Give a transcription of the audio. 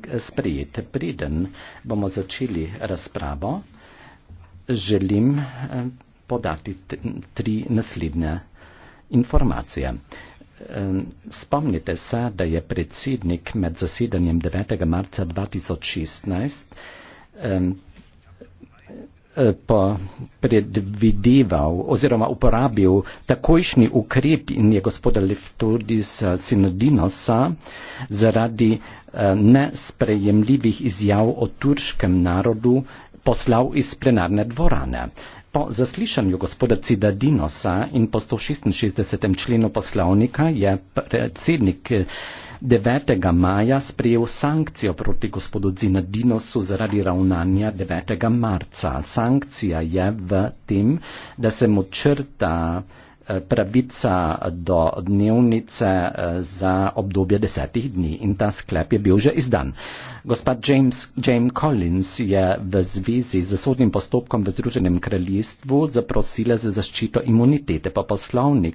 zapisnik eh, sprejet. Preden bomo začeli razpravo, želim eh, podati tri naslednje informacije. Spomnite se, da je predsednik med zasedanjem 9. marca 2016 eh, po predvideval oziroma uporabil takojšnji ukrep in je gospod Lev tudi z eh, Sinodinosa zaradi eh, nesprejemljivih izjav o turškem narodu poslal iz plenarne dvorane. Po zaslišanju gospoda Cidadinosa in po 166. členu poslovnika je predsednik 9. Eh, maja sprejel sankcijo proti gospodu Cidadinosu zaradi ravnanja 9. marca. Sankcija je v tem, da se mu črta pravica do dnevnice eh, za obdobje desetih dni in ta sklep je bil že izdan. Gospod James, James Collins je v zvezi z sodnim postopkom v Združenem kraljestvu zaprosila za zaščito imunitete, pa poslovnik